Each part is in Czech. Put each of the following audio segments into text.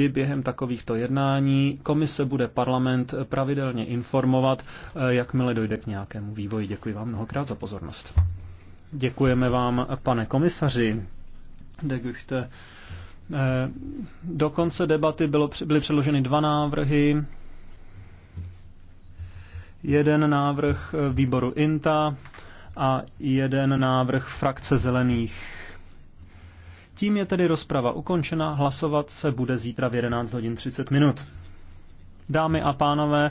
vždy během takovýchto jednání komise bude parlament pravidelně informovat, eh, jakmile dojde k nějakému vývoji. Děkuji vám mnohokrát za pozornost. Děkujeme vám, pane komisaři. De eh, Do konce debaty bylo, byly předloženy dva návrhy. Jeden návrh eh, výboru INTA a jeden návrh frakce zelených. Tím je tedy rozprava ukončena, hlasovat se bude zítra v 11 hodin 30 minut. Dámy a pánové,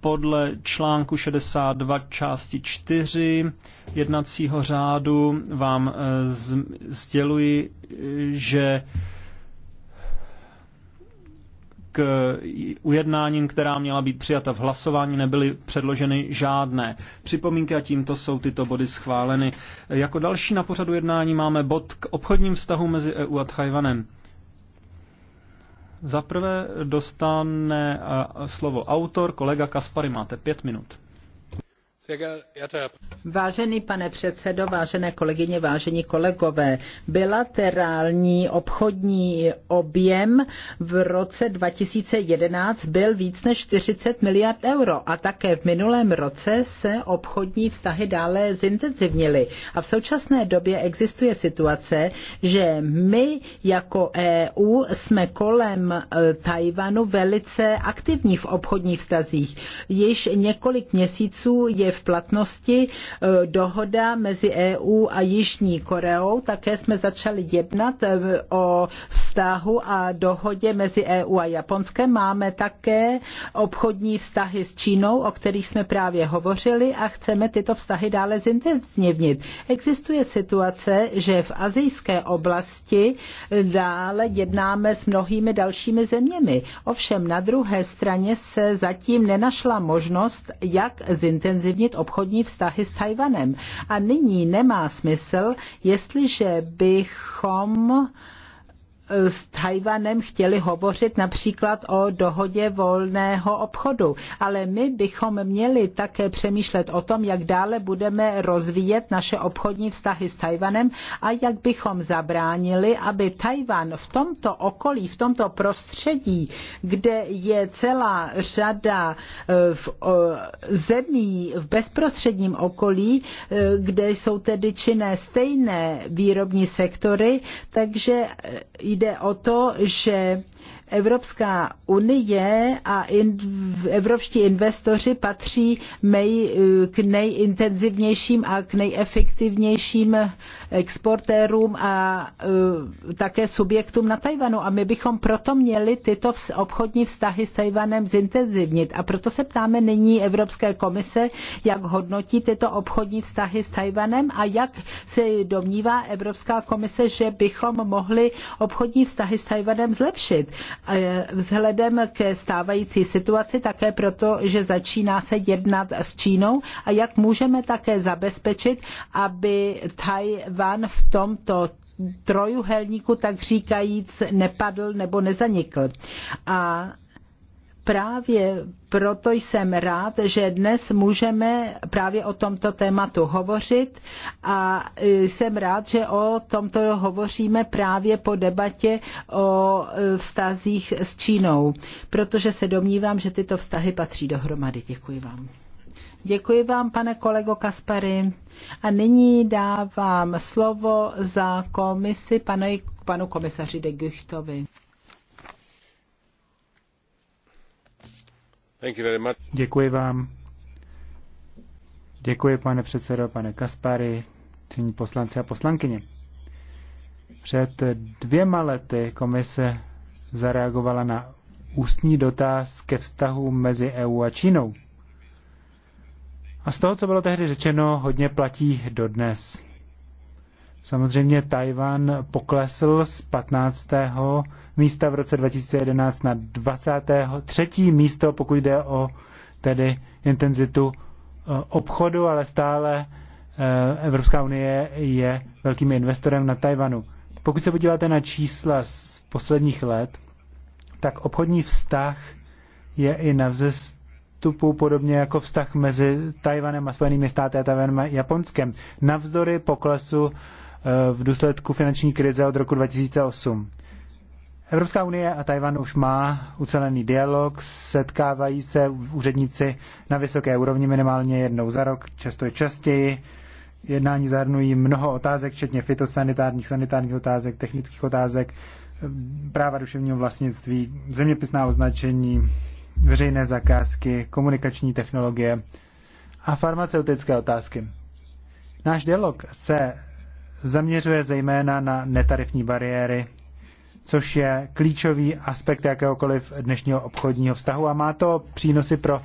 podle článku 62 části 4 jednacího řádu vám eh, sděluji, eh, že k ujednáním, která měla být přijata v hlasování, nebyly předloženy žádné připomínky a tímto jsou tyto body schváleny. Jako další na pořadu jednání máme bod k obchodním vztahu mezi EU a Tchajvanem. Zaprvé dostane slovo autor, kolega Kaspary, máte pět minut. Vážený pane předsedo, vážené kolegyně, vážení kolegové, bilaterální obchodní objem v roce 2011 byl víc než 40 miliard euro a také v minulém roce se obchodní vztahy dále zintenzivnily. A v současné době existuje situace, že my jako EU jsme kolem e, Tajvanu velice aktivní v obchodních vztazích. Již několik měsíců je v v platnosti e, dohoda mezi EU a Jižní Koreou. Také jsme začali jednat e, o vztahu a dohodě mezi EU a Japonskem. Máme také obchodní vztahy s Čínou, o kterých jsme právě hovořili a chceme tyto vztahy dále zintenzivnit. Existuje situace, že v azijské oblasti dále jednáme s mnohými dalšími zeměmi. Ovšem na druhé straně se zatím nenašla možnost, jak zintenzivnit změnit obchodní vztahy s Tajvanem. A nyní nemá smysl, jestliže bychom s Tajvanem chtěli hovořit například o dohodě volného obchodu, ale my bychom měli také přemýšlet o tom, jak dále budeme rozvíjet naše obchodní vztahy s Tajvanem a jak bychom zabránili, aby Tajvan v tomto okolí, v tomto prostředí, kde je celá řada eh, v zemí v bezprostředním okolí, eh, kde jsou tedy činné stejné výrobní sektory, takže eh, jde o to, že Evropská unie a in, evropští investoři patří mej, k nejintenzivnějším a k nejefektivnějším exportérům a uh, také subjektům na Tajvanu. A my bychom proto měli tyto obchodní vztahy s Tajvanem zintenzivnit. A proto se ptáme nyní Evropské komise, jak hodnotí tyto obchodní vztahy s Tajvanem a jak se domnívá Evropská komise, že bychom mohli obchodní vztahy s Tajvanem zlepšit. Vzhledem ke stávající situaci také proto, že začíná se jednat s Čínou a jak můžeme také zabezpečit, aby Tajvan v tomto trojuhelníku tak říkajíc nepadl nebo nezanikl. A právě proto jsem rád, že dnes můžeme právě o tomto tématu hovořit a e, jsem rád, že o tomto hovoříme právě po debatě o e, vztazích s Čínou, protože se domnívám, že tyto vztahy patří dohromady. Děkuji vám. Děkuji vám, pane kolego Kaspary. A nyní dávám slovo za komisi panu, panu komisaři de Guchtovi. Děkuji vám. Děkuji, pane předsedo, pane Kaspary, tření poslanci a poslankyně. Před dvěma lety komise zareagovala na ústní dotaz ke vztahu mezi EU a Čínou. A z toho, co bylo tehdy řečeno, hodně platí dodnes. Samozřejmě Tajvan poklesl z 15. místa v roce 2011 na 23. místo, pokud jde o tedy intenzitu eh, obchodu, ale stále eh, Evropská unie je velkým investorem na Tajvanu. Pokud se podíváte na čísla z posledních let, tak obchodní vztah je i na vzestupu podobně jako vztah mezi Tajvanem a Spojenými státy a Tajvanem a Japonskem. Navzdory poklesu Eh, v důsledku finanční krize od roku 2008. Evropská unie a Tajvan už má ucelený dialog, setkávají se úředníci na vysoké úrovni minimálně jednou za rok, často je častěji. Jednání zahrnují mnoho otázek, včetně fitosanitárních, sanitárních otázek, technických otázek, práva duševního vlastnictví, zeměpisná označení, veřejné zakázky, komunikační technologie a farmaceutické otázky. Náš dialog se zaměřuje zejména na netarifní bariéry, což je klíčový aspekt jakéhokoliv dnešního obchodního vztahu a má to přínosy pro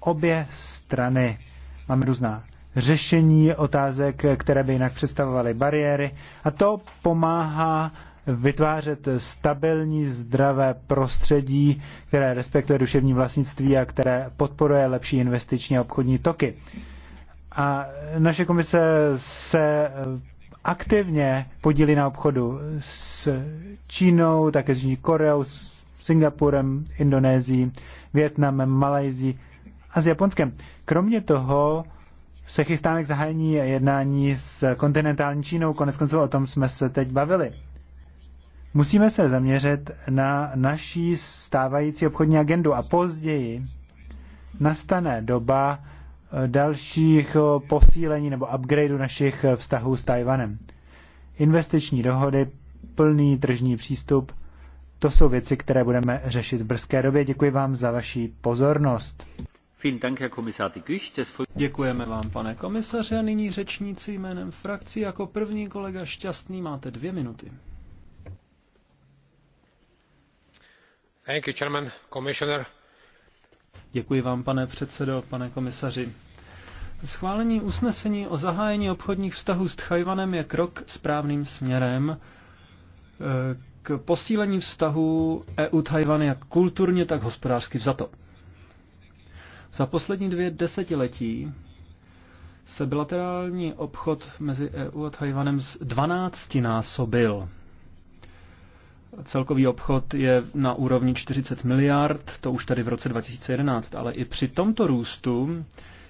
obě strany. Máme různá řešení otázek, které by jinak představovaly bariéry a to pomáhá vytvářet stabilní, zdravé prostředí, které respektuje duševní vlastnictví a které podporuje lepší investiční a obchodní toky. A naše komise se aktivně podílí na obchodu s Čínou, také s Jižní Koreou, s Singapurem, Indonésií, Větnamem, Malajzí a s Japonskem. Kromě toho se chystáme k zahájení jednání s kontinentální Čínou, konec konců o tom jsme se teď bavili. Musíme se zaměřit na naší stávající obchodní agendu a později nastane doba, dalších eh, posílení nebo upgradeu našich eh, vztahů s Tajvanem. Investiční dohody, plný tržní přístup, to jsou věci, které budeme řešit v brzké době. Děkuji vám za vaši pozornost. Děkujeme vám, pane komisaře. A nyní řečníci jménem frakcí. Jako první kolega Šťastný máte dvě minuty. Thank you, chairman, commissioner. Děkuji vám, pane předsedo, pane komisaři. Schválení usnesení o zahájení obchodních vztahů s Tchajvanem je krok správným směrem e, k posílení vztahů EU-Tajvan jak kulturně, tak hospodářsky vzato. Za poslední dvě desetiletí se bilaterální obchod mezi EU a Tajvanem z 12 násobil. Celkový obchod je na úrovni 40 miliard, to už tady v roce 2011, ale i při tomto růstu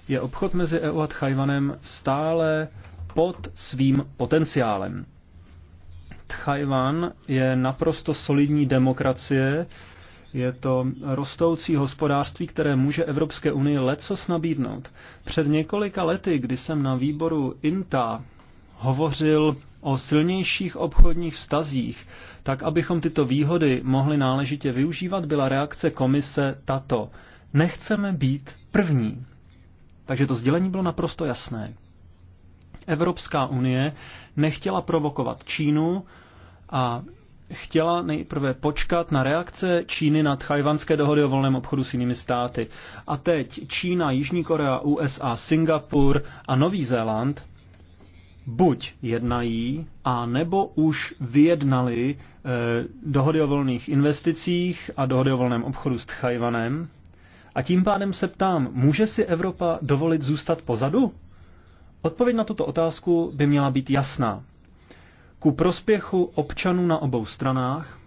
je obchod mezi EU a Tchajvanem stále pod svým potenciálem. Tchajvan je naprosto solidní demokracie, je to rostoucí hospodářství, které může Evropské unii lecos nabídnout. Před několika lety, kdy jsem na výboru INTA hovořil o silnějších obchodních vztazích, tak abychom tyto výhody mohli náležitě využívat, byla reakce komise tato. Nechceme být první. Takže to sdělení bylo naprosto jasné. Evropská unie nechtěla provokovat Čínu a chtěla nejprve počkat na reakce Číny na tchajvanské dohody o volném obchodu s jinými státy. A teď Čína, Jižní Korea, USA, Singapur a Nový Zéland buď jednají, a nebo už vyjednali eh, dohody o volných investicích a dohody o volném obchodu s Tchajvanem, a tím pádem se ptám, může si Evropa dovolit zůstat pozadu? Odpověď na tuto otázku by měla být jasná. Ku prospěchu občanů na obou stranách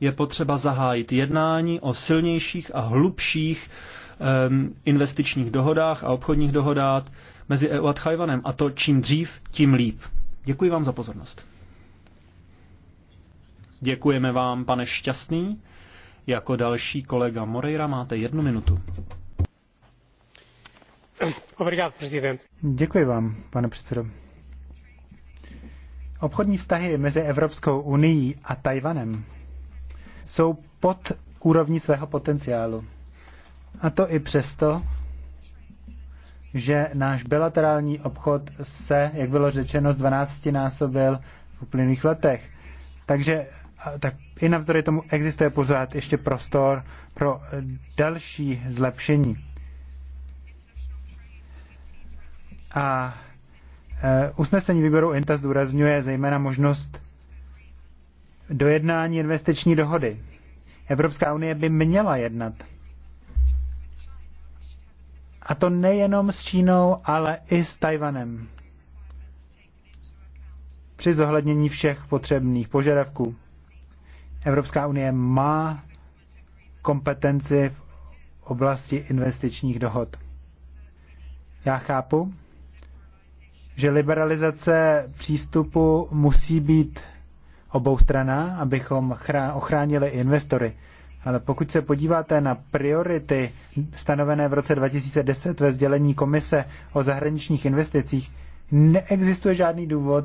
je potřeba zahájit jednání o silnějších a hlubších um, investičních dohodách a obchodních dohodách mezi EU a Tchajvanem. A to čím dřív, tím líp. Děkuji vám za pozornost. Děkujeme vám, pane Šťastný. Jako další kolega Moreira máte jednu minutu. Obrigado, prezident. Děkuji vám, pane předsedo. Obchodní vztahy mezi Evropskou unii a Tajvanem jsou pod úrovní svého potenciálu. A to i přesto, že náš bilaterální obchod se, jak bylo řečeno, z 12 násobil v uplynulých letech. Takže tak i navzdory tomu existuje pořád ještě prostor pro další zlepšení. A e, usnesení výboru INTA zdůrazňuje zejména možnost dojednání investiční dohody. Evropská unie by měla jednat. A to nejenom s Čínou, ale i s Tajvanem. Při zohlednění všech potřebných požadavků. Evropská unie má kompetenci v oblasti investičních dohod. Já chápu, že liberalizace přístupu musí být oboustraná, abychom ochránili investory. Ale pokud se podíváte na priority stanovené v roce 2010 ve sdělení Komise o zahraničních investicích, neexistuje žádný důvod,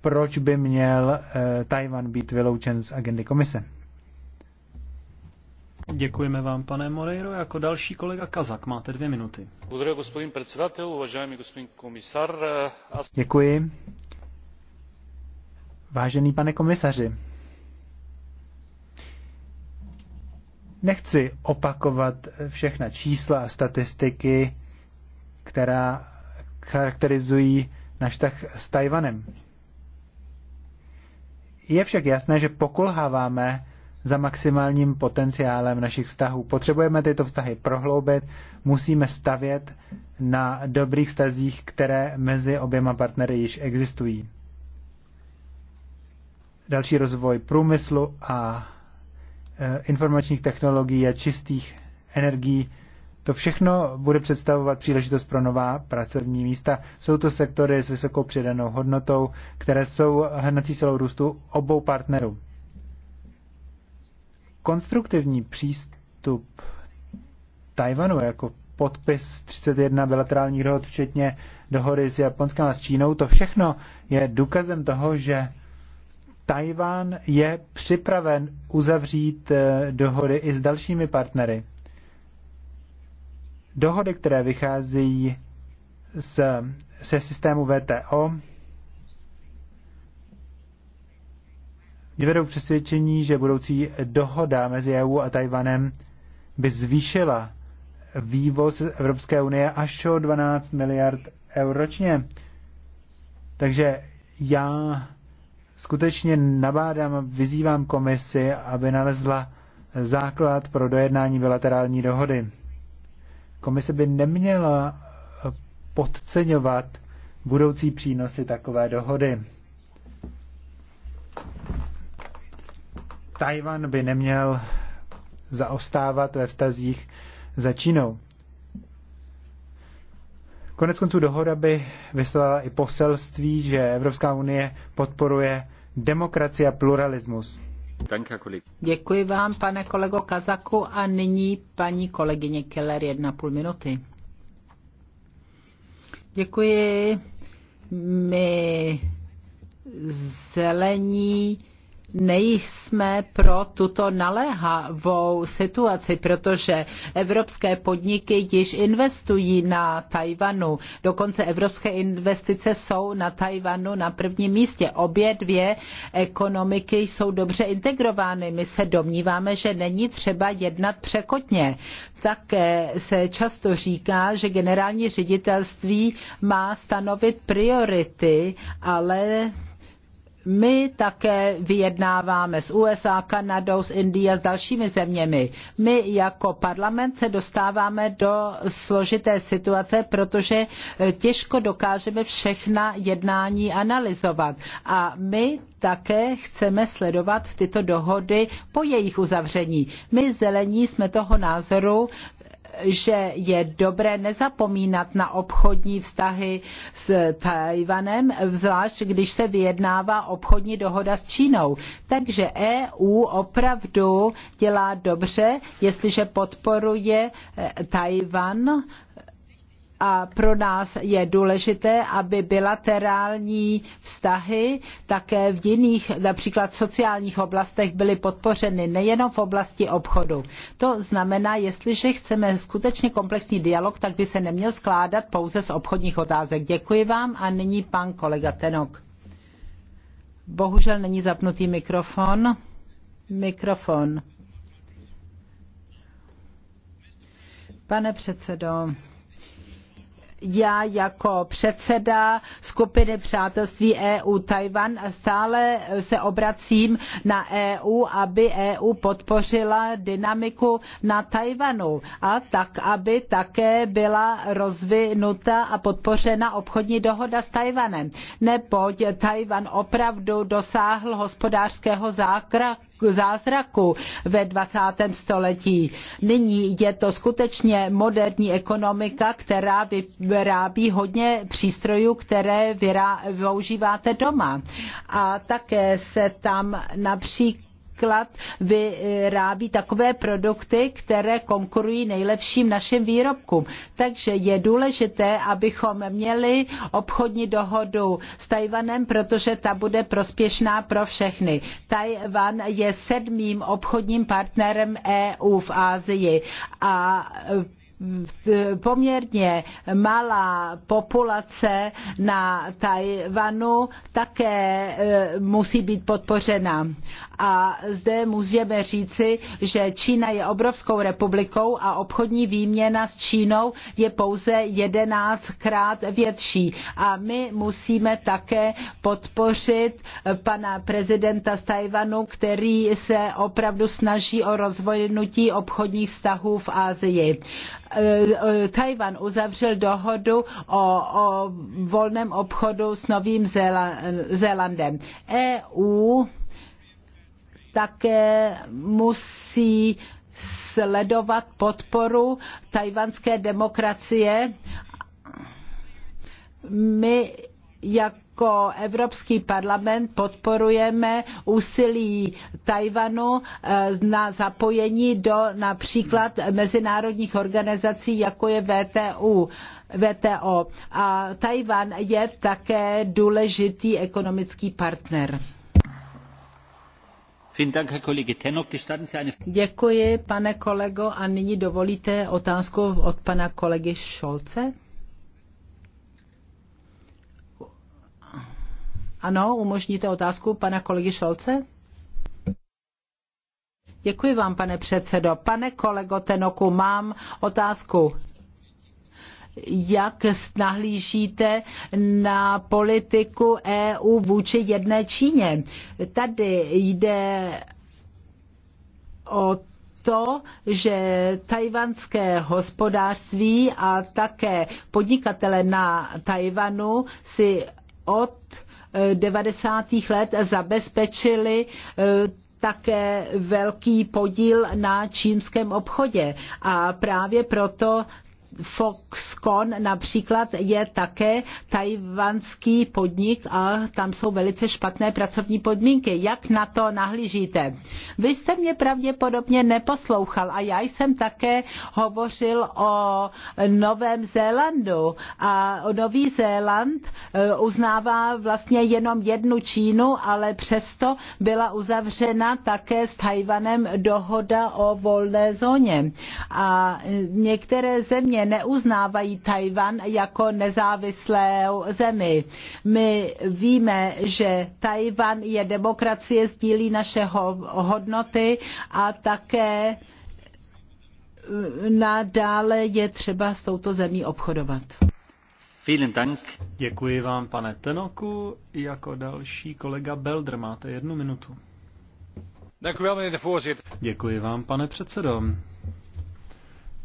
proč by měl eh, Tajvan být vyloučen z agendy komise. Děkujeme vám, pane Moreiro. Jako další kolega Kazak máte dvě minuty. Děkuji. Eh, Vážený pane komisaři, nechci opakovat všechna čísla a statistiky, která charakterizují náš tak s Tajvanem. Je však jasné, že pokulháváme za maximálním potenciálem našich vztahů. Potřebujeme tyto vztahy prohloubit, musíme stavět na dobrých vztazích, které mezi oběma partnery již existují. Další rozvoj průmyslu a e, informačních technologií a čistých energií to všechno bude představovat příležitost pro nová pracovní místa. Jsou to sektory s vysokou přidanou hodnotou, které jsou hnací silou růstu obou partnerů. Konstruktivní přístup Tajvanu jako podpis 31 bilaterálních dohod, včetně dohody s Japonskem a s Čínou, to všechno je důkazem toho, že Tajván je připraven uzavřít eh, dohody i s dalšími partnery Dohody, které vycházejí z, se systému VTO, mě vedou přesvědčení, že budoucí dohoda mezi EU a Tajvanem by zvýšila vývoz Evropské unie až o 12 miliard eur ročně. Takže já skutečně nabádám, vyzývám komisi, aby nalezla základ pro dojednání bilaterální dohody. Komise by neměla eh, podceňovat budoucí přínosy takové dohody. Tajvan by neměl zaostávat ve vztazích za Čínou. Konec konců dohoda by vyslala i poselství, že Evropská unie podporuje demokracii a pluralismus. Děkuji vám, pane kolego Kazaku, a nyní paní kolegyně Keller, jedna půl minuty. Děkuji. My zelení nejsme pro tuto naléhavou situaci, protože evropské podniky již investují na Tajvanu. Dokonce evropské investice jsou na Tajvanu na prvním místě. Obě dvě ekonomiky jsou dobře integrovány. My se domníváme, že není třeba jednat překotně. Také se často říká, že generální ředitelství má stanovit priority, ale my také vyjednáváme s USA, Kanadou, s Indií a s dalšími zeměmi. My jako parlament se dostáváme do složité situace, protože eh, těžko dokážeme všechna jednání analyzovat. A my také chceme sledovat tyto dohody po jejich uzavření. My zelení jsme toho názoru, že je dobré nezapomínat na obchodní vztahy s Tajvanem, zvlášť když se vyjednává obchodní dohoda s Čínou. Takže EU opravdu dělá dobře, jestliže podporuje Tajvan a pro nás je důležité, aby bilaterální vztahy také v jiných, například sociálních oblastech, byly podpořeny nejenom v oblasti obchodu. To znamená, jestliže chceme skutečně komplexní dialog, tak by se neměl skládat pouze z obchodních otázek. Děkuji vám a nyní pan kolega Tenok. Bohužel není zapnutý mikrofon. Mikrofon. Pane předsedo, já jako předseda skupiny přátelství EU Tajvan stále se obracím na EU, aby EU podpořila dynamiku na Tajvanu a tak, aby také byla rozvinuta a podpořena obchodní dohoda s Tajvanem. Neboť Tajvan opravdu dosáhl hospodářského zákra zázraku ve 20. století. Nyní je to skutečně moderní ekonomika, která vyrábí hodně přístrojů, které využíváte doma. A také se tam například například vyrábí takové produkty, které konkurují nejlepším našim výrobkům. Takže je důležité, abychom měli obchodní dohodu s Tajvanem, protože ta bude prospěšná pro všechny. Tajvan je sedmým obchodním partnerem EU v Asii a e, poměrně malá populace na Tajvanu tak také e, musí být podpořena. A zde můžeme říci, že Čína je obrovskou republikou a obchodní výměna s Čínou je pouze jedenáctkrát větší. A my musíme také podpořit e, pana prezidenta z Tajvanu, který se opravdu snaží o rozvojnutí obchodních vztahů v Asii. E, Tajvan uzavřel dohodu o, o volném obchodu s Novým Zélandem Zélandem. EU také musí sledovat podporu tajvanské demokracie. My jako Evropský parlament podporujeme úsilí Tajvanu e, na zapojení do například mezinárodních organizací, jako je VTU VTO. A Tajvan je také důležitý ekonomický partner. Děkuji, pane kolego, a nyní dovolíte otázku od pana kolegy Šolce? Ano, umožníte otázku pana kolegy Šolce? Děkuji vám, pane předsedo. Pane kolego Tenoku, mám otázku jak nahlížíte na politiku EU vůči jedné Číně. Tady jde o to, že tajvanské hospodářství a také podnikatele na Tajvanu si od 90. Eh, let zabezpečili eh, také velký podíl na čínském obchodě. A právě proto Foxconn například je také tajvanský podnik a tam jsou velice špatné pracovní podmínky. Jak na to nahlížíte? Vy jste mě pravděpodobně neposlouchal a já jsem také hovořil o Novém Zélandu a Nový Zéland e, uznává vlastně jenom jednu Čínu, ale přesto byla uzavřena také s Tajvanem dohoda o volné zóně. A e, některé země země neuznávají Tajvan jako nezávislou zemi. My víme, že Tajvan je demokracie, sdílí naše hodnoty a také eh, nadále je třeba s touto zemí obchodovat. Děkuji vám, pane Tenoku. Jako další kolega Belder máte jednu minutu. Děkuji vám, pane předsedo.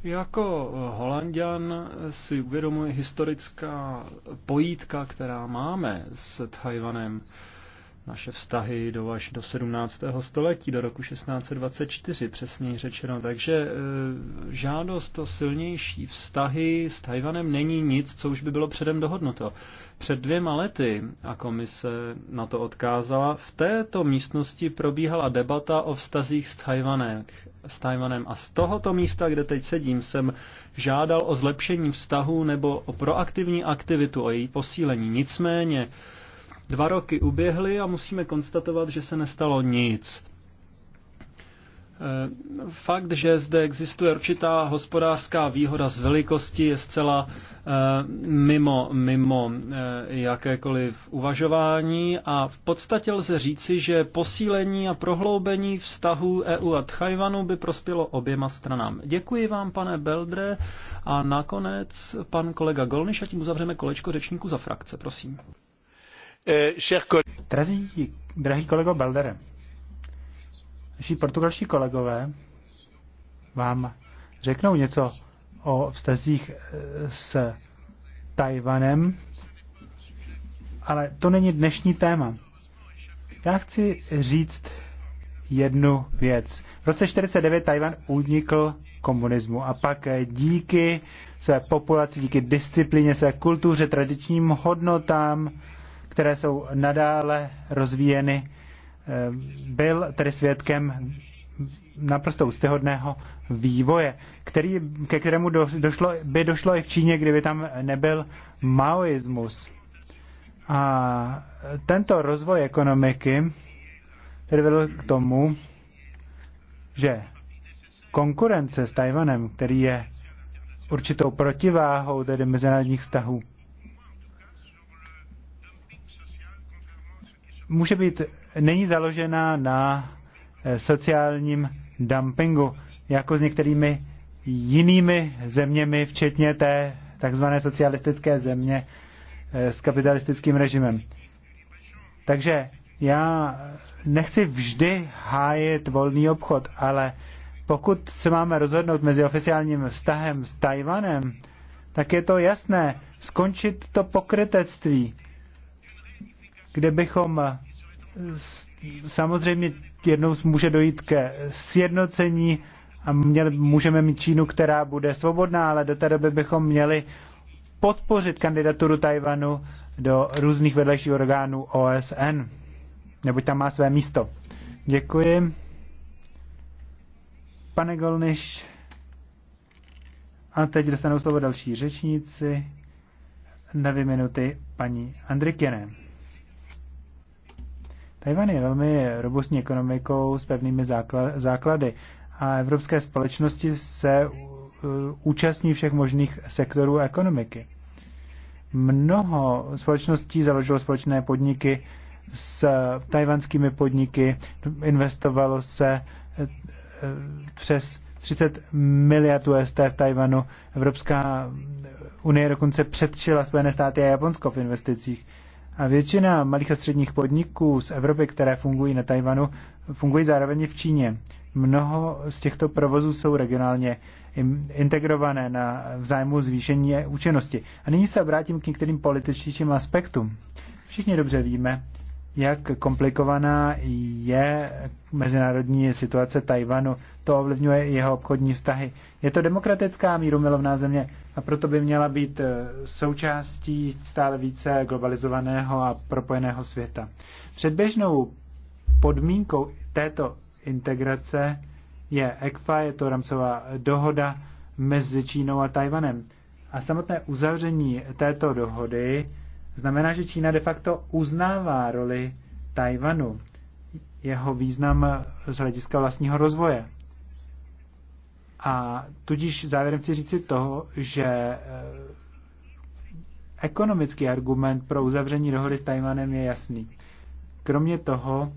Jako eh, holanděn si uvědomuji historická pojítka, která máme s Tajvanem naše vztahy do až do 17. století, do roku 1624 přesněji řečeno. Takže e, žádost o silnější vztahy s Tajvanem není nic, co už by bylo předem dohodnuto. Před dvěma lety, a komise na to odkázala, v této místnosti probíhala debata o vztazích s Tajvanem. S Tajvanem. A z tohoto místa, kde teď sedím, jsem žádal o zlepšení vztahu nebo o proaktivní aktivitu, o její posílení. Nicméně, Dva roky uběhly a musíme konstatovat, že se nestalo nic. Eh, fakt, že zde existuje určitá hospodářská výhoda z velikosti, je zcela eh, mimo, mimo eh, jakékoliv uvažování a v podstatě lze říci, že posílení a prohloubení vztahu EU a Tchajvanu by prospělo oběma stranám. Děkuji vám, pane Beldre, a nakonec pan kolega Golniš a tím uzavřeme kolečko řečníků za frakce, prosím. Eh, Drazí, drahý kolego Beldere, naši portugalští kolegové vám řeknou něco o vztazích eh, s Tajvanem, ale to není dnešní téma. Já chci říct jednu věc. V roce 1949 Tajvan unikl komunismu a pak díky své populaci, díky disciplíně, své kultuře, tradičním hodnotám, které jsou nadále rozvíjeny, eh, byl tedy svědkem naprosto ústehodného vývoje, který, ke kterému do, došlo, by došlo i v Číně, kdyby tam nebyl maoismus. A tento rozvoj ekonomiky tedy vedl k tomu, že konkurence s Tajvanem, který je určitou protiváhou tedy mezinárodních vztahů, může být, není založena na eh, sociálním dumpingu, jako s některými jinými zeměmi, včetně té takzvané socialistické země eh, s kapitalistickým režimem. Takže já nechci vždy hájit volný obchod, ale pokud se máme rozhodnout mezi oficiálním vztahem s Tajvanem, tak je to jasné, skončit to pokrytectví kde bychom eh, samozřejmě jednou může dojít ke sjednocení a měli, můžeme mít Čínu, která bude svobodná, ale do té doby bychom měli podpořit kandidaturu Tajvanu do různých vedlejších orgánů OSN, neboť tam má své místo. Děkuji. Pane Golniš, a teď dostanou slovo další řečníci. Na dvě minuty paní Andrikěne. Tajvan je velmi robustní ekonomikou s pevnými základy a evropské společnosti se uh, účastní všech možných sektorů ekonomiky. Mnoho společností založilo společné podniky s tajvanskými podniky, investovalo se eh, přes 30 miliard USD v Tajvanu. Evropská unie dokonce předčila Spojené státy a Japonsko v investicích. A většina malých a středních podniků z Evropy, které fungují na Tajvanu, fungují zároveň v Číně. Mnoho z těchto provozů jsou regionálně integrované na vzájmu zvýšení účinnosti. A nyní se obrátím k některým političtějším aspektům. Všichni dobře víme, jak komplikovaná je mezinárodní situace Tajvanu. To ovlivňuje jeho obchodní vztahy. Je to demokratická mírumilovná země a proto by měla být eh, součástí stále více globalizovaného a propojeného světa. Předběžnou podmínkou této integrace je ECFA, je to ramcová dohoda mezi Čínou a Tajvanem. A samotné uzavření této dohody znamená, že Čína de facto uznává roli Tajvanu, jeho význam z hlediska vlastního rozvoje. A tudíž závěrem chci říci toho, že eh, ekonomický argument pro uzavření dohody s Tajvanem je jasný. Kromě toho,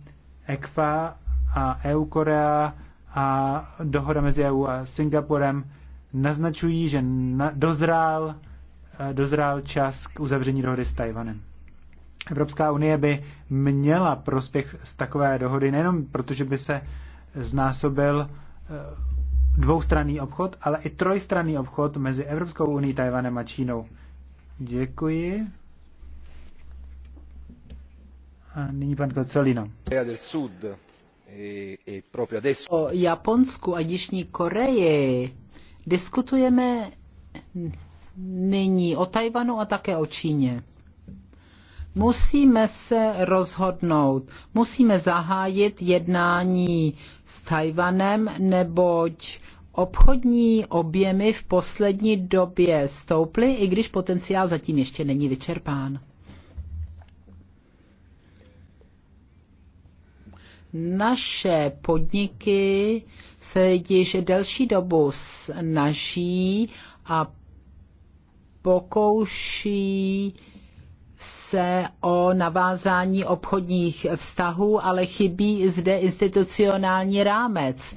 ECFA a EU Korea a dohoda mezi EU a Singapurem naznačují, že na, dozrál Eh, dozrál čas k uzavření dohody s Tajvanem. Evropská unie by měla prospěch z takové dohody nejenom protože by se znásobil eh, dvoustranný obchod, ale i trojstranný obchod mezi Evropskou unii, Tajvanem a Čínou. Děkuji. A nyní pan Kocelino. O Japonsku a Jižní Koreji diskutujeme nyní o Tajvanu a také o Číně. Musíme se rozhodnout. Musíme zahájit jednání s Tajvanem, neboť obchodní objemy v poslední době stouply, i když potenciál zatím ještě není vyčerpán. Naše podniky se již delší dobu snaží a pokouší se o navázání obchodních vztahů, ale chybí zde institucionální rámec.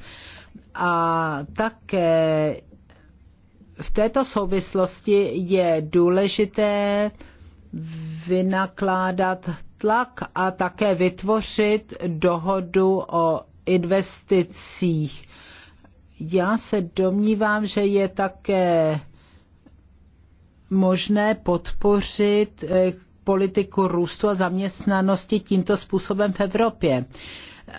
A také v této souvislosti je důležité vynakládat tlak a také vytvořit dohodu o investicích. Já se domnívám, že je také možné podpořit eh, politiku růstu a zaměstnanosti tímto způsobem v Evropě.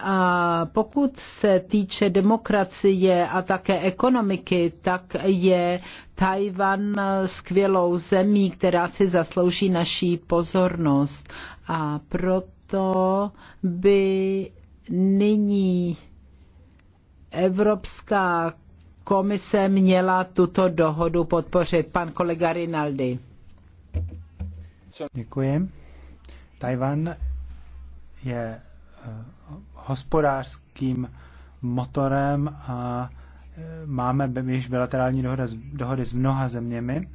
A pokud se týče demokracie a také ekonomiky, tak je Tajvan skvělou zemí, která si zaslouží naší pozornost. A proto by nyní Evropská komise měla tuto dohodu podpořit. Pan kolega Rinaldi. Děkuji. Tajvan je eh, hospodářským motorem a eh, máme již bilaterální dohoda, dohody s mnoha zeměmi.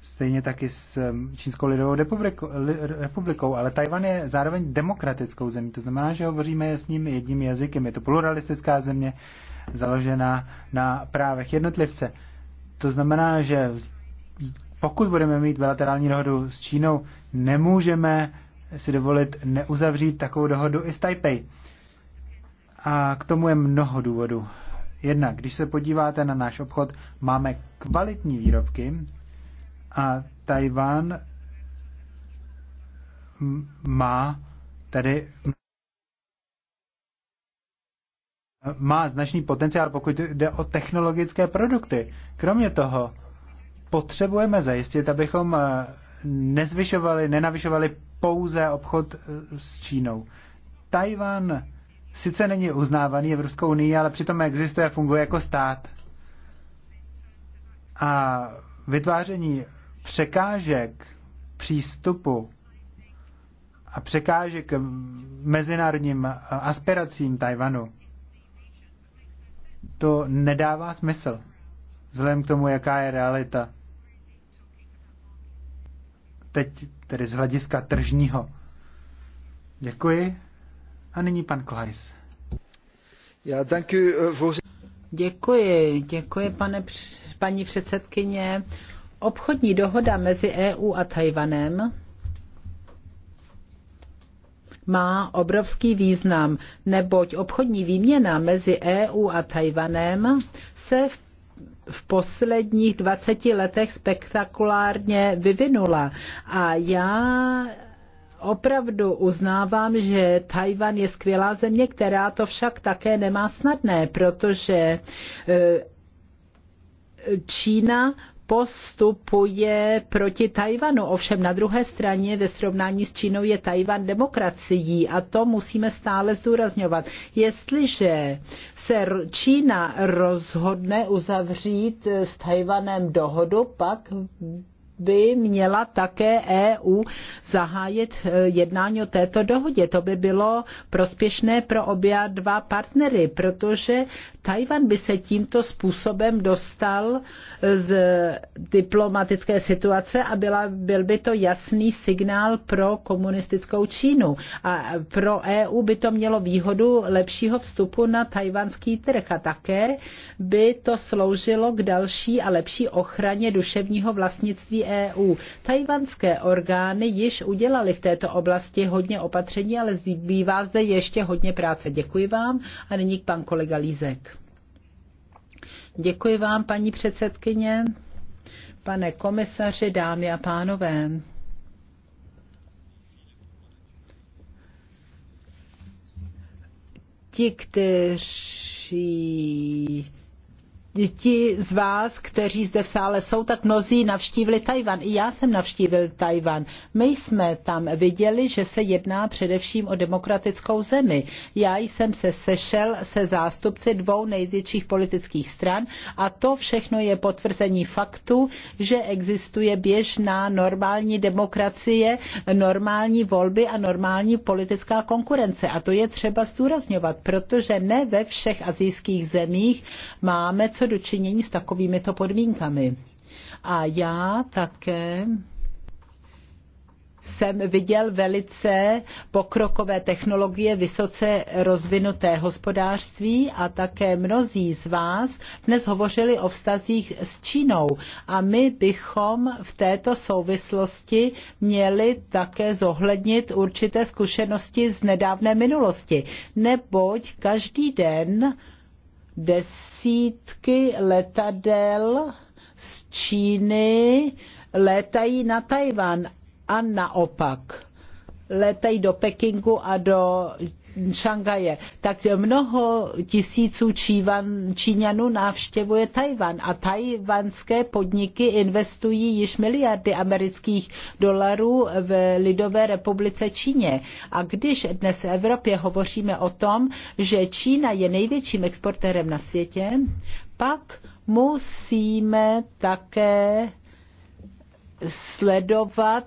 Stejně taky s eh, Čínskou lidovou republikou, republikou, ale Tajvan je zároveň demokratickou zemí, to znamená, že hovoříme s ním jedním jazykem. Je to pluralistická země, založena na právech jednotlivce. To znamená, že pokud budeme mít bilaterální dohodu s Čínou, nemůžeme si dovolit neuzavřít takovou dohodu i s Taipei. A k tomu je mnoho důvodů. Jednak, když se podíváte na náš obchod, máme kvalitní výrobky a Tajván má tedy má značný potenciál, pokud jde o technologické produkty. Kromě toho potřebujeme zajistit, abychom eh, nezvyšovali, nenavyšovali pouze obchod eh, s Čínou. Tajvan sice není uznávaný Evropskou unii, ale přitom existuje a funguje jako stát. A vytváření překážek přístupu a překážek mm, mezinárodním eh, aspiracím Tajvanu to nedává smysl, vzhledem k tomu, jaká je realita. Teď tedy z hlediska tržního. Děkuji. A nyní pan Klajs. Já děkuji. Eh, děkuji, děkuji pane, paní předsedkyně. Obchodní dohoda mezi EU a Tajvanem má obrovský význam, neboť obchodní výměna mezi EU a Tajvanem se v v posledních 20 letech spektakulárně vyvinula. A já opravdu uznávám, že Tajvan je skvělá země, která to však také nemá snadné, protože eh, Čína postupuje proti Tajvanu. Ovšem na druhé straně ve srovnání s Čínou je Tajvan demokracií a to musíme stále zdůrazňovat. Jestliže se Čína rozhodne uzavřít s Tajvanem dohodu, pak by měla také EU zahájit eh, jednání o této dohodě. To by bylo prospěšné pro obě dva partnery, protože Tajvan by se tímto způsobem dostal eh, z diplomatické situace a byla, byl by to jasný signál pro komunistickou Čínu. A pro EU by to mělo výhodu lepšího vstupu na tajvanský trh a také by to sloužilo k další a lepší ochraně duševního vlastnictví EU. Tajvanské orgány již udělali v této oblasti hodně opatření, ale zbývá zde ještě hodně práce. Děkuji vám a nyní pan kolega Lízek. Děkuji vám, paní předsedkyně, pane komisaři, dámy a pánové. Ti, kteří ti z vás, kteří zde v sále jsou, tak mnozí navštívili Tajvan. I já jsem navštívil Tajvan. My jsme tam viděli, že se jedná především o demokratickou zemi. Já jsem se sešel se zástupci dvou největších politických stran a to všechno je potvrzení faktu, že existuje běžná normální demokracie, normální volby a normální politická konkurence. A to je třeba zdůrazňovat, protože ne ve všech azijských zemích máme co co dočinění s takovými to podmínkami. A já také jsem viděl velice pokrokové technologie, vysoce rozvinuté hospodářství a také mnozí z vás dnes hovořili o vztazích s Čínou a my bychom v této souvislosti měli také zohlednit určité zkušenosti z nedávné minulosti, neboť každý den Desítky letadel z Číny létají na Tajvan a naopak. Létají do Pekingu a do Šangaje, tak mnoho tisíců Čívan, Číňanů návštěvuje Tajvan a tajvanské podniky investují již miliardy amerických dolarů v Lidové republice Číně. A když dnes v Evropě hovoříme o tom, že Čína je největším exportérem na světě, pak musíme také sledovat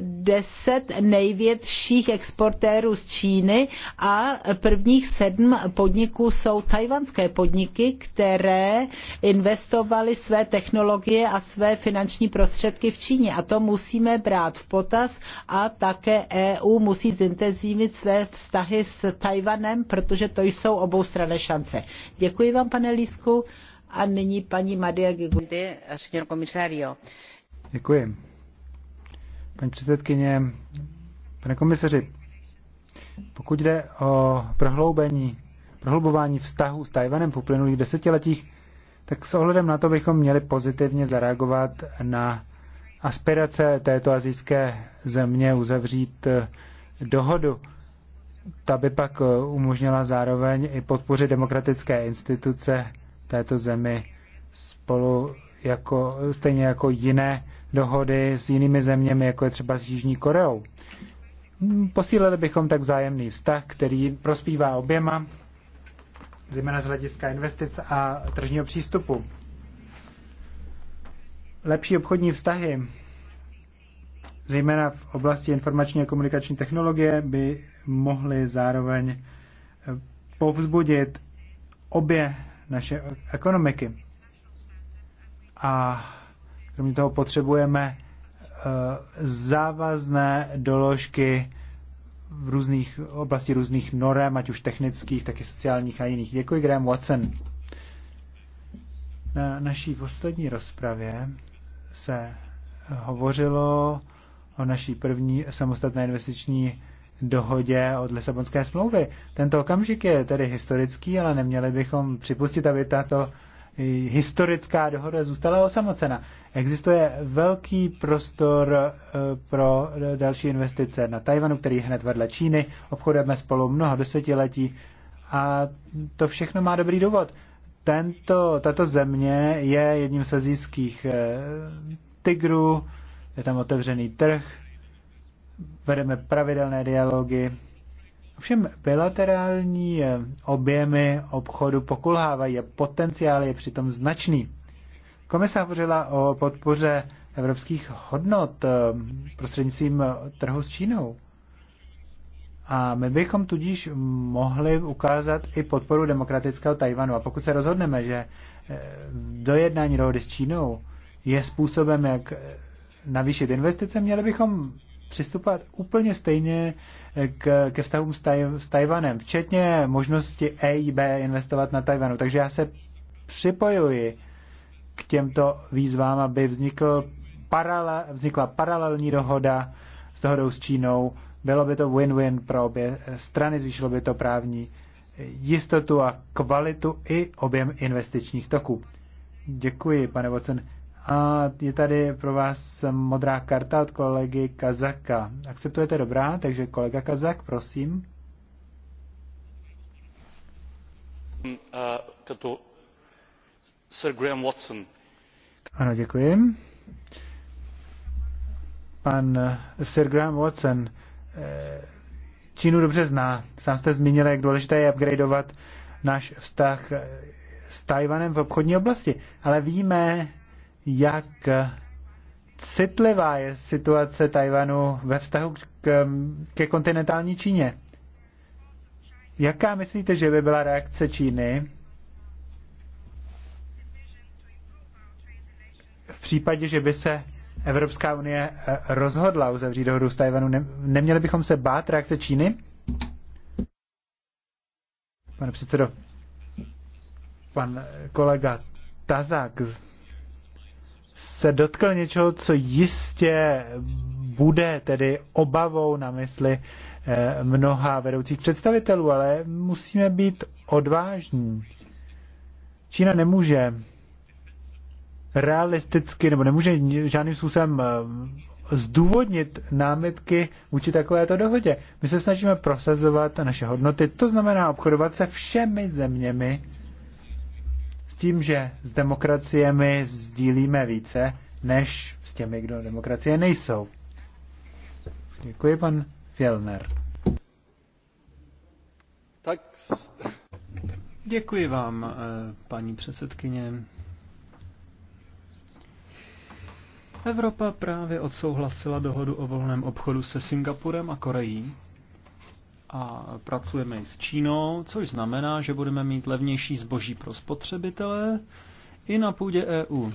deset největších exportérů z Číny a prvních sedm podniků jsou tajvanské podniky, které investovaly své technologie a své finanční prostředky v Číně. A to musíme brát v potaz a také EU musí zintenzívnit své vztahy s Tajvanem, protože to jsou oboustranné šance. Děkuji vám, pane Lísku. A nyní paní Maria Gigu. Děkuji. Paní předsedkyně, pane komisaři, pokud jde o prohloubení, prohlubování vztahu s Tajvanem v uplynulých desetiletích, tak s ohledem na to bychom měli pozitivně zareagovat na aspirace této azijské země uzavřít eh, dohodu. Ta by pak eh, umožnila zároveň i podpořit demokratické instituce této zemi spolu jako, stejně jako jiné dohody s jinými zeměmi, jako je třeba s Jižní Koreou. Posílili bychom tak zájemný vztah, který prospívá oběma, zejména z hlediska investic a tržního přístupu. Lepší obchodní vztahy, zejména v oblasti informační a komunikační technologie, by mohly zároveň eh, povzbudit obě naše ekonomiky. A Kromě toho potřebujeme eh, závazné doložky v různých oblasti různých norem, ať už technických, tak i sociálních a jiných. Děkuji, Graham Watson. Na naší poslední rozpravě se hovořilo o naší první samostatné investiční dohodě od Lisabonské smlouvy. Tento okamžik je tedy historický, ale neměli bychom připustit, aby tato historická dohoda zůstala osamocena. Existuje velký prostor e, pro další investice na Tajvanu, který je hned vedle Číny. Obchodujeme spolu mnoho desetiletí a to všechno má dobrý důvod. Tento, tato země je jedním z azijských e, tigrů, je tam otevřený trh, vedeme pravidelné dialogy Ovšem bilaterální eh, objemy obchodu pokulhávají a potenciál je přitom značný. Komise hovořila o podpoře evropských hodnot eh, prostřednictvím trhu s Čínou. A my bychom tudíž mohli ukázat i podporu demokratického Tajvanu. A pokud se rozhodneme, že eh, dojednání dohody s Čínou je způsobem, jak navýšit investice, měli bychom přistupovat úplně stejně eh, k, ke vztahům s, taj, s Tajvanem, včetně možnosti EIB investovat na Tajvanu. Takže já se připojuji k těmto výzvám, aby vznikl paralel, vznikla paralelní dohoda s dohodou s Čínou. Bylo by to win-win pro obě strany, zvýšilo by to právní jistotu a kvalitu i objem investičních toků. Děkuji, pane Vocen. A je tady pro vás modrá karta od kolegy Kazaka. Akceptujete dobrá? Takže kolega Kazak, prosím. Kato Sir Graham Watson. Ano, děkuji. Pan eh, Sir Graham Watson eh, Čínu dobře zná. Sám jste zmínil, jak důležité je upgradeovat náš vztah eh, s Tajvanem v obchodní oblasti. Ale víme, jak citlivá je situace Tajvanu ve vztahu k, ke kontinentální Číně. Jaká myslíte, že by byla reakce Číny v případě, že by se Evropská unie eh, rozhodla uzavřít dohodu s Tajvanu? Neměli bychom se bát reakce Číny? Pane předsedo, pan kolega Tazák se dotkl něčeho, co jistě bude tedy obavou na mysli eh, mnoha vedoucích představitelů, ale musíme být odvážní. Čína nemůže realisticky nebo nemůže žádným způsobem eh, zdůvodnit námitky vůči takovéto dohodě. My se snažíme prosazovat naše hodnoty, to znamená obchodovat se všemi zeměmi, tím, že s demokraciemi sdílíme více, než s těmi, kdo demokracie nejsou. Děkuji, pan Fjellner. Tak... Děkuji vám, eh, paní předsedkyně. Evropa právě odsouhlasila dohodu o volném obchodu se Singapurem a Koreí, a pracujeme i s Čínou, což znamená, že budeme mít levnější zboží pro spotřebitele i na půdě EU.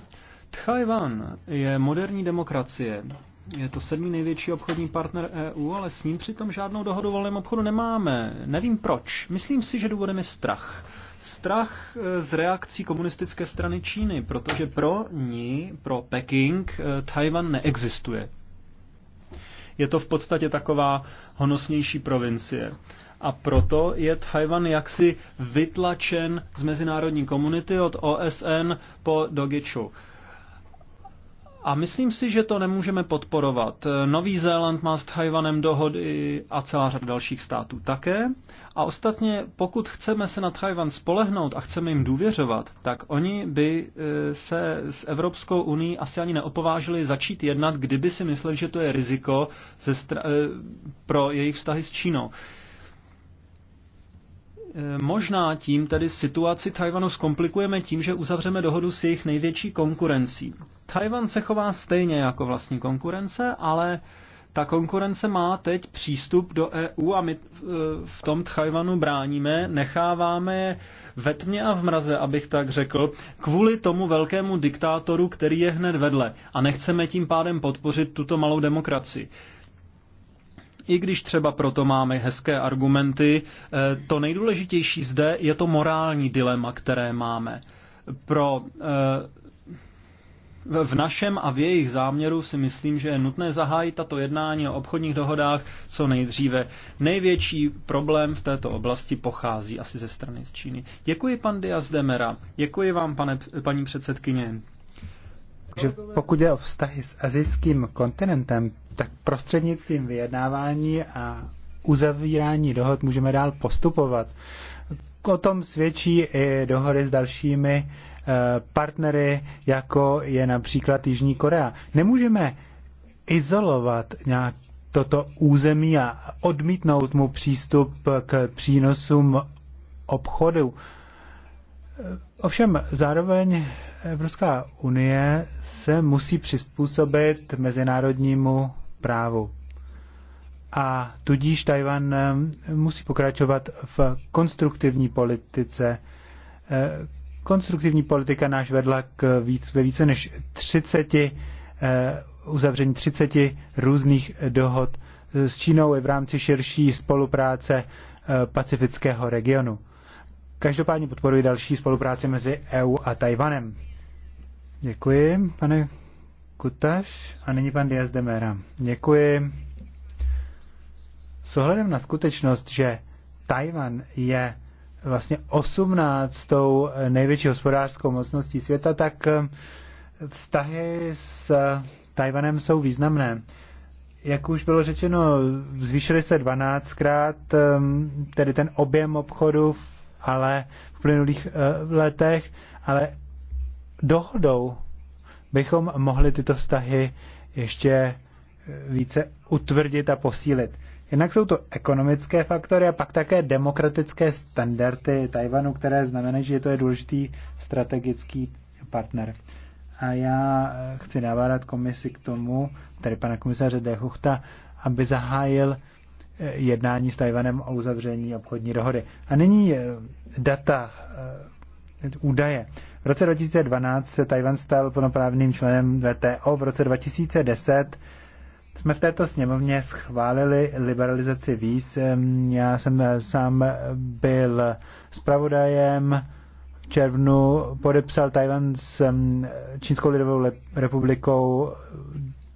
Tchajvan je moderní demokracie. Je to sedmý největší obchodní partner EU, ale s ním přitom žádnou dohodu o volném obchodu nemáme. Nevím proč. Myslím si, že důvodem je strach. Strach eh, z reakcí komunistické strany Číny, protože pro ní, pro Peking, eh, Tajvan neexistuje. Je to v podstatě taková honosnější provincie. A proto je Tajvan jaksi vytlačen z mezinárodní komunity od OSN po Dogiču. A myslím si, že to nemůžeme podporovat. Nový Zéland má s Tajvanem dohody a celá řada dalších států také. A ostatně, pokud chceme se na Tajvan spolehnout a chceme jim důvěřovat, tak oni by e, se s Evropskou unii asi ani neopovážili začít jednat, kdyby si mysleli, že to je riziko ze e, pro jejich vztahy s Čínou. Eh, možná tím tedy situaci Tajvanu zkomplikujeme tím, že uzavřeme dohodu s jejich největší konkurencí. Tajvan se chová stejně jako vlastní konkurence, ale ta konkurence má teď přístup do EU a my eh, v tom Tajvanu bráníme, necháváme je ve tmě a v mraze, abych tak řekl, kvůli tomu velkému diktátoru, který je hned vedle a nechceme tím pádem podpořit tuto malou demokracii. I když třeba proto máme hezké argumenty, eh, to nejdůležitější zde je to morální dilema, které máme. Pro eh, v našem a v jejich záměru si myslím, že je nutné zahájit tato jednání o obchodních dohodách co nejdříve. Největší problém v této oblasti pochází asi ze strany z Číny. Děkuji pan Diaz Demera, děkuji vám, pane, paní předsedkyně že pokud je o vztahy s azijským kontinentem, tak prostřednictvím vyjednávání a uzavírání dohod můžeme dál postupovat. O tom svědčí i dohody s dalšími eh, partnery, jako je například Jižní Korea. Nemůžeme izolovat nějak toto území a odmítnout mu přístup k přínosům obchodu. Ovšem zároveň Evropská unie se musí přizpůsobit mezinárodnímu právu. A tudíž Tajvan eh, musí pokračovat v konstruktivní politice. Eh, konstruktivní politika náš vedla k víc, ve více než 30 eh, uzavření 30 různých dohod s Čínou i v rámci širší spolupráce pacifického regionu. Každopádně podporuji další spolupráci mezi EU a Tajvanem. Děkuji, pane Kutaš. A nyní pan Diaz de Mera. Děkuji. S ohledem na skutečnost, že Tajvan je vlastně osmnáctou největší hospodářskou mocností světa, tak eh, vztahy s Tajvanem jsou významné. Jak už bylo řečeno, zvýšily se 12krát, eh, tedy ten objem obchodu v ale v plynulých eh, letech, ale dohodou bychom mohli tyto vztahy ještě eh, více utvrdit a posílit. Jinak jsou to ekonomické faktory a pak také demokratické standardy Tajvanu, které znamenají, že to je důležitý strategický partner. A já eh, chci navádat komisi k tomu, tady pana komisaře Dechuchta, aby zahájil jednání s Tajvanem o uzavření obchodní dohody. A nyní eh, data, eh, údaje. V roce 2012 se Tajvan stal plnoprávným členem VTO. V roce 2010 jsme v této sněmovně schválili liberalizaci víz. Já jsem eh, sám byl zpravodajem v červnu podepsal Tajvan s Čínskou lidovou republikou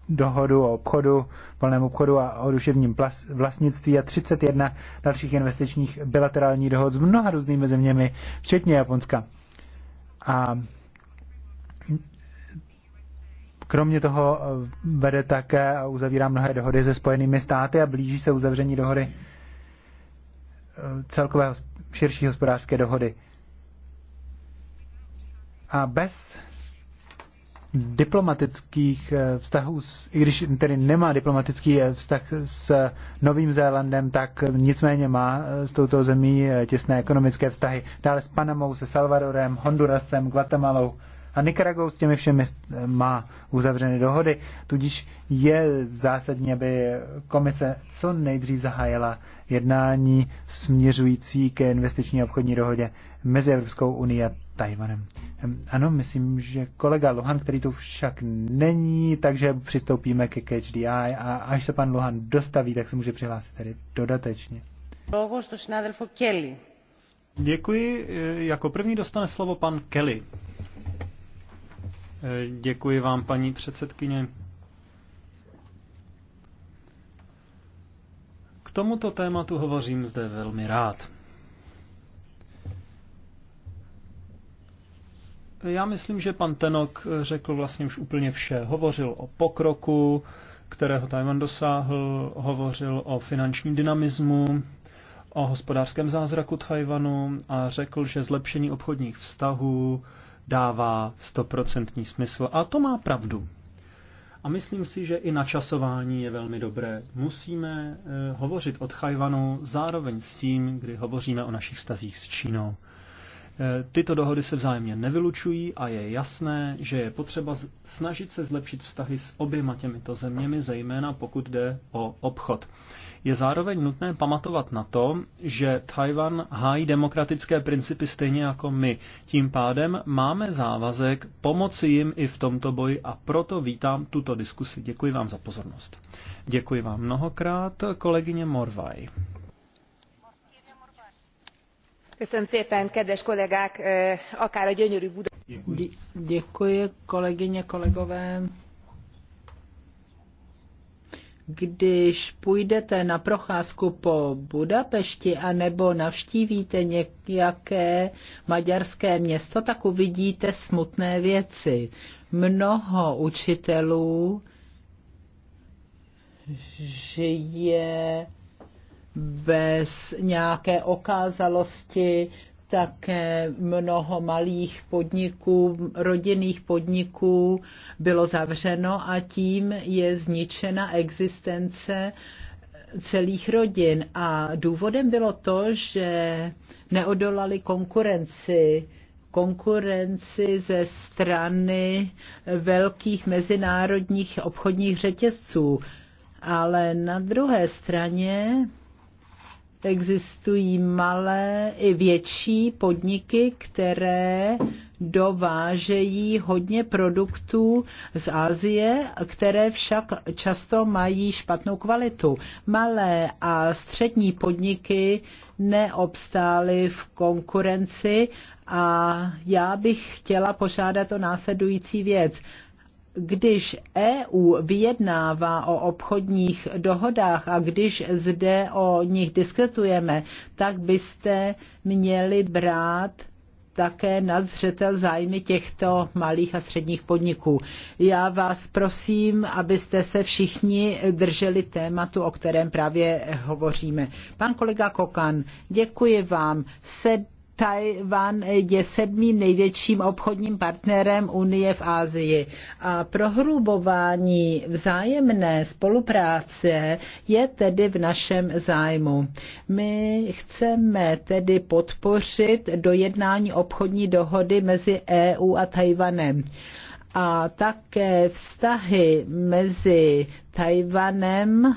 dohodu o obchodu, volném obchodu a o duševním vlastnictví a 31 dalších investičních bilaterálních dohod s mnoha různými zeměmi, včetně Japonska. A kromě toho eh, vede také a uzavírá mnohé dohody se Spojenými státy a blíží se uzavření dohody eh, celkové širší hospodářské dohody. A bez diplomatických eh, vztahů, s, i když tedy nemá diplomatický eh, vztah s Novým Zélandem, tak nicméně má eh, s touto zemí těsné ekonomické vztahy. Dále s Panamou, se Salvadorem, Hondurasem, Guatemalou, a Nikaragou s těmi všemi eh, má uzavřeny dohody, tudíž je zásadní, aby komise co nejdřív zahájila jednání směřující ke investiční obchodní dohodě mezi Evropskou unii a Tajvanem. Ano, myslím, že kolega Luhan, který tu však není, takže přistoupíme ke CatchDI a až se pan Luhan dostaví, tak se může přihlásit tady dodatečně. Děkuji. Jako první dostane slovo pan Kelly. Děkuji vám, paní předsedkyně. K tomuto tématu hovořím zde velmi rád. Já myslím, že pan Tenok řekl vlastně už úplně vše. Hovořil o pokroku, kterého Tajvan dosáhl, hovořil o finančním dynamismu, o hospodářském zázraku Tajvanu a řekl, že zlepšení obchodních vztahů dává stoprocentní smysl. A to má pravdu. A myslím si, že i načasování je velmi dobré. Musíme eh, hovořit od Chajvanu zároveň s tím, kdy hovoříme o našich vztazích s Čínou. Eh, tyto dohody se vzájemně nevylučují a je jasné, že je potřeba snažit se zlepšit vztahy s oběma těmito zeměmi, zejména pokud jde o obchod. Je zároveň nutné pamatovat na to, že Tajvan hájí demokratické principy stejně jako my. Tím pádem máme závazek pomoci jim i v tomto boji a proto vítám tuto diskusi. Děkuji vám za pozornost. Děkuji vám mnohokrát, kolegyně Morvaj. Děkuji, kolegyně, kolegové. Když půjdete na procházku po Budapešti a nebo navštívíte nějaké maďarské město, tak uvidíte smutné věci. Mnoho učitelů žije bez nějaké okázalosti, také mnoho malých podniků, rodinných podniků bylo zavřeno a tím je zničena existence celých rodin. A důvodem bylo to, že neodolali konkurenci, konkurenci ze strany velkých mezinárodních obchodních řetězců. Ale na druhé straně existují malé i větší podniky, které dovážejí hodně produktů z Asie, které však často mají špatnou kvalitu. Malé a střední podniky neobstály v konkurenci a já bych chtěla požádat o následující věc když EU vyjednává o obchodních dohodách a když zde o nich diskutujeme, tak byste měli brát také na zájmy těchto malých a středních podniků. Já vás prosím, abyste se všichni drželi tématu, o kterém právě hovoříme. Pan kolega Kokan, děkuji vám. Se Tajvan je sedmým největším obchodním partnerem Unie v Asii a prohrubování vzájemné spolupráce je tedy v našem zájmu. My chceme tedy podpořit dojednání obchodní dohody mezi EU a Tajvanem a také vztahy mezi Tajvanem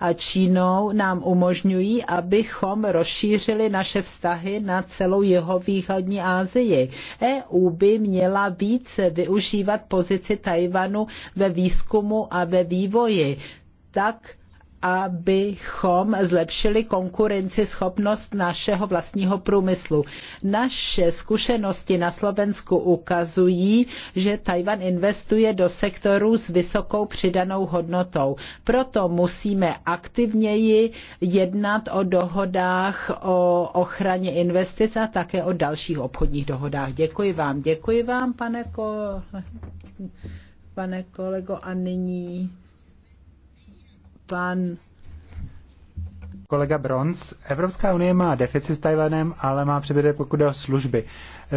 a Čínou nám umožňují, abychom rozšířili naše vztahy na celou jihovýchodní Asii. EU by měla více využívat pozici Tajvanu ve výzkumu a ve vývoji tak, abychom zlepšili konkurenceschopnost našeho vlastního průmyslu. Naše zkušenosti na Slovensku ukazují, že Tajvan investuje do sektorů s vysokou přidanou hodnotou. Proto musíme aktivněji jednat o dohodách o ochraně investic a také o dalších obchodních dohodách. Děkuji vám. Děkuji vám, pane, ko... pane kolego. A nyní pan kolega Bronz. Evropská unie má deficit s Tajvanem, ale má přebytek pokud jde o služby.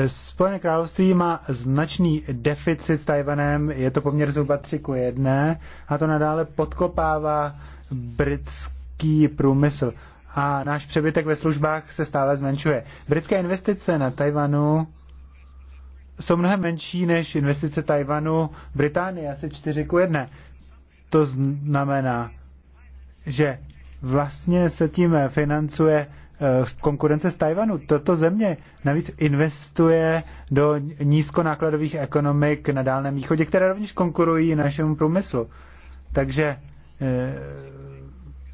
Spojené království má značný deficit s Tajvanem, je to poměr zhruba 3 k 1 a to nadále podkopává britský průmysl. A náš přebytek ve službách se stále zmenšuje. Britské investice na Tajvanu jsou mnohem menší než investice Tajvanu Británie, asi 4 k 1. To znamená, že vlastně se tím financuje eh, konkurence z Tajvanu. Toto země navíc investuje do nízkonákladových ekonomik na Dálném východě, které rovněž konkurují našemu průmyslu. Takže eh,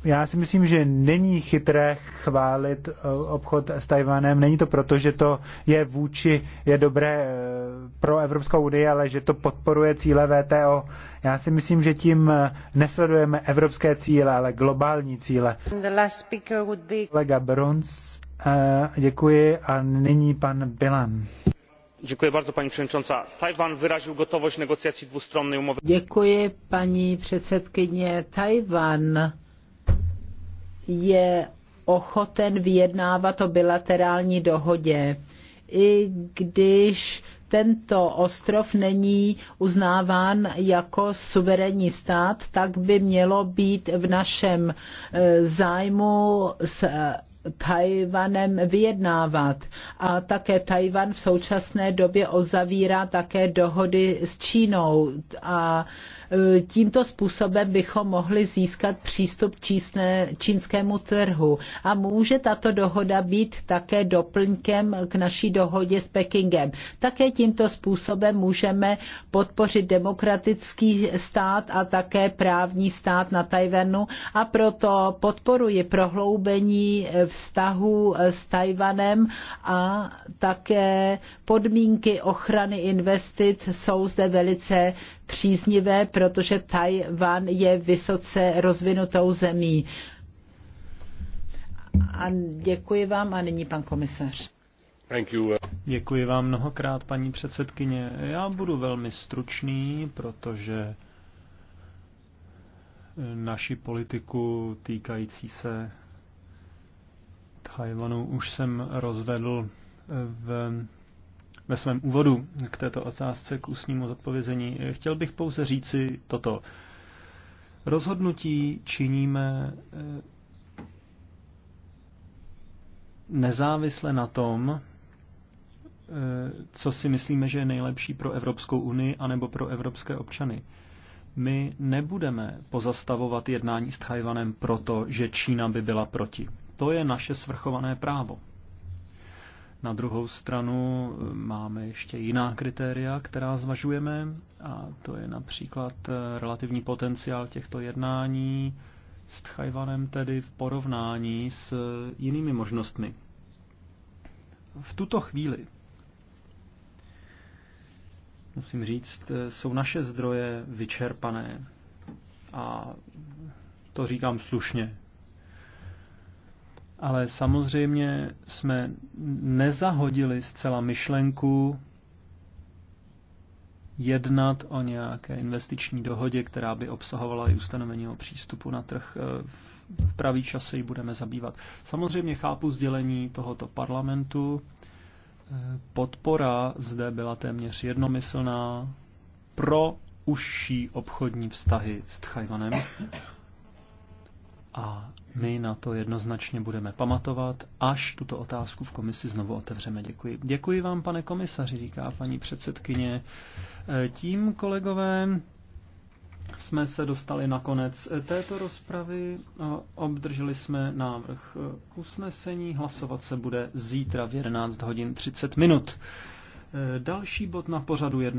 já si myslím, že není chytré chválit eh, obchod s Tajvanem. Není to proto, že to je vůči, je dobré eh, pro Evropskou unii, ale že to podporuje cíle VTO. Já si myslím, že tím eh, nesledujeme evropské cíle, ale globální cíle. Kolega Bruns, děkuji a nyní pan Bilan. Děkuji bardzo, paní předsedkyně. Tajvan vyrazil gotovost negociací dvoustranné umovy. Děkuji, paní předsedkyně. Tajvan je ochoten vyjednávat o bilaterální dohodě, i když tento ostrov není uznáván jako suverénní stát, tak by mělo být v našem eh, zájmu s eh, Tajvanem vyjednávat. A také Tajvan v současné době ozavírá také dohody s Čínou a Eh, tímto způsobem bychom mohli získat přístup čísné, čínskému trhu. A může tato dohoda být také doplňkem k naší dohodě s Pekingem. Také tímto způsobem můžeme podpořit demokratický stát a také právní stát na Tajvanu a proto podporuji prohloubení eh, vztahu eh, s Tajvanem a také podmínky ochrany investic jsou zde velice příznivé, protože Tajvan je vysoce rozvinutou zemí. A děkuji vám a nyní pan komisař. Děkuji vám mnohokrát, paní předsedkyně. Já budu velmi stručný, protože naši politiku týkající se Tajvanu už jsem rozvedl v ve svém úvodu k této otázce, k ústnímu odpovězení. Chtěl bych pouze říci toto. Rozhodnutí činíme eh, nezávisle na tom, eh, co si myslíme, že je nejlepší pro Evropskou unii anebo pro evropské občany. My nebudeme pozastavovat jednání s Tajvanem proto, že Čína by byla proti. To je naše svrchované právo. Na druhou stranu eh, máme ještě jiná kritéria, která zvažujeme, a to je například eh, relativní potenciál těchto jednání s Tchajvanem tedy v porovnání s eh, jinými možnostmi. V tuto chvíli, musím říct, jsou naše zdroje vyčerpané a to říkám slušně, ale samozřejmě jsme nezahodili zcela myšlenku jednat o nějaké investiční dohodě, která by obsahovala i ustanovení o přístupu na trh. E, v pravý čas se ji budeme zabývat. Samozřejmě chápu sdělení tohoto parlamentu. E, podpora zde byla téměř jednomyslná pro užší obchodní vztahy s Tchajvanem. A my na to jednoznačně budeme pamatovat, až tuto otázku v komisi znovu otevřeme. Děkuji. Děkuji vám, pane komisaři, říká paní předsedkyně. Tím, kolegové, jsme se dostali na konec této rozpravy. Obdrželi jsme návrh usnesení. Hlasovat se bude zítra v 11 hodin 30 minut. Další bod na pořadu jedna.